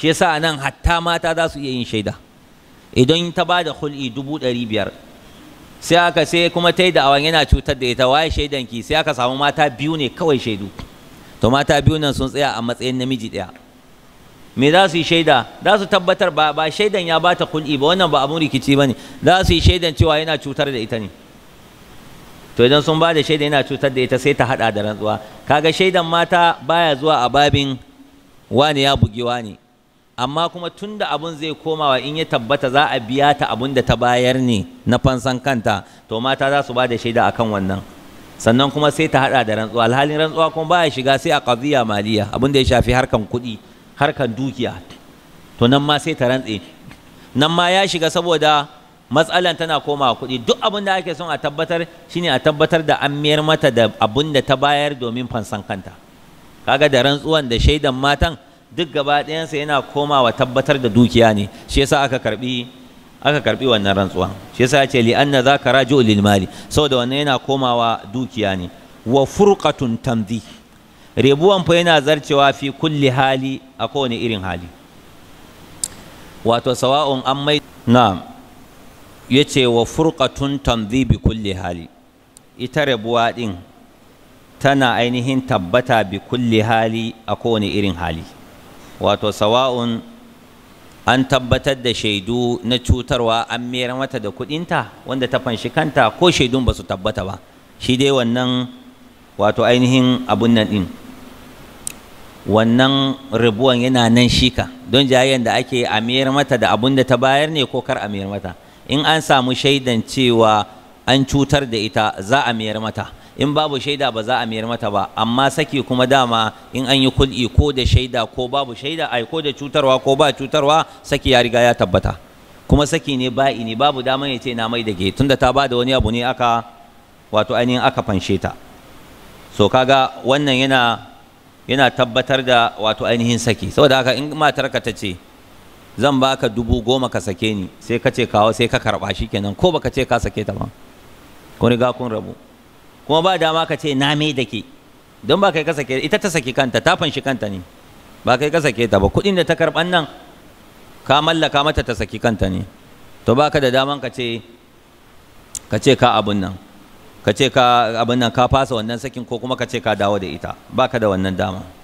shi yasa nan hatta mata za su iya yin shaida idan ta ba da hul'i dubu ɗari biyar sai aka sai kuma ta yi da awan yana cutar da ita waye shaidan ki sai aka samu mata biyu ne kawai shaidu to mata biyu nan sun tsaya a matsayin namiji ɗaya me za su yi shaida za su tabbatar ba ba shaidan ya ba ta kul'i ba wannan ba abun rikici ba ne za su yi shaidan cewa yana cutar da ita ne to idan sun ba da shaida yana cutar da ita sai ta haɗa da rantsuwa kaga shaidan mata baya zuwa a babin wani ya bugi wani amma kuma tunda abun zai komawa in ya tabbata za a biya ta abun da ta bayar ne na fansan kanta to mata za su ba da shaida akan wannan sannan kuma sai ta hada da rantsuwa alhalin rantsuwa kuma baya shiga sai a qadiyya maliya abun da ya shafi harkan kuɗi harkan dukiya to nan ma sai ta rantse nan ma ya shiga saboda matsalan tana komawa kuɗi duk abin da ake son a tabbatar shine a tabbatar da an mayar mata da abin da ta bayar domin fansan kanta kaga da rantsuwan da shaidan matan duk gaba ɗayansa yana komawa tabbatar da dukiya ne shi yasa aka karbi aka karbi wannan rantsuwa shi yasa yace li anna zaka raju lil mali saboda wannan yana komawa dukiya ne wa furqatun tamdi rebuwan fa yana zarcewa fi kulli hali a kowane irin hali wato sawa'un an mai na'am yace wa furqatun tamdi bi kulli hali ita rebuwa din tana ainihin tabbata bi kulli hali a kowane irin hali wato sawa'un an tabbatar da shaidu na cutarwa an mera mata da kudinta wanda ta fanshi kanta ko shaidun ba su tabbata ba shi dai wannan wato ainihin abun nan din wannan rabuwan yana nan shika don jayen da ake a mera mata da abun da ta bayar ne ko kar a mera mata in an samu shaidan cewa an cutar da ita za a mera mata in babu shaida ba za a mayar mata ba amma saki kuma dama in an yi kul'i ko da shaida ko babu shaida ai ko da cutarwa ko ba cutarwa saki ya riga ya tabbata kuma saki ne ba'i ne babu dama ya ce na mai da ke tunda ta bada wani abu ne aka wato ainihin aka fanshe ta so kaga wannan yana yana tabbatar da wato ainihin saki saboda haka in matar ka ta ce zan baka dubu goma ka sake ni sai ka ce kawo sai ka karba shi kenan ko baka ce ka sake ta ba kun riga kun rabu kuma ba dama ka ce na me da ke don ba kai ka sake ita ta saki kanta ta fanshi kanta ne ba kai ka sake ta ba kuɗin da ta karɓan nan ka mallaka mata ta saki kanta ne to ba ka da daman ka ce ka ce ka abun nan ka ce ka abun nan ka fasa wannan sakin ko kuma ka ce ka dawo da ita Ba ka da wannan dama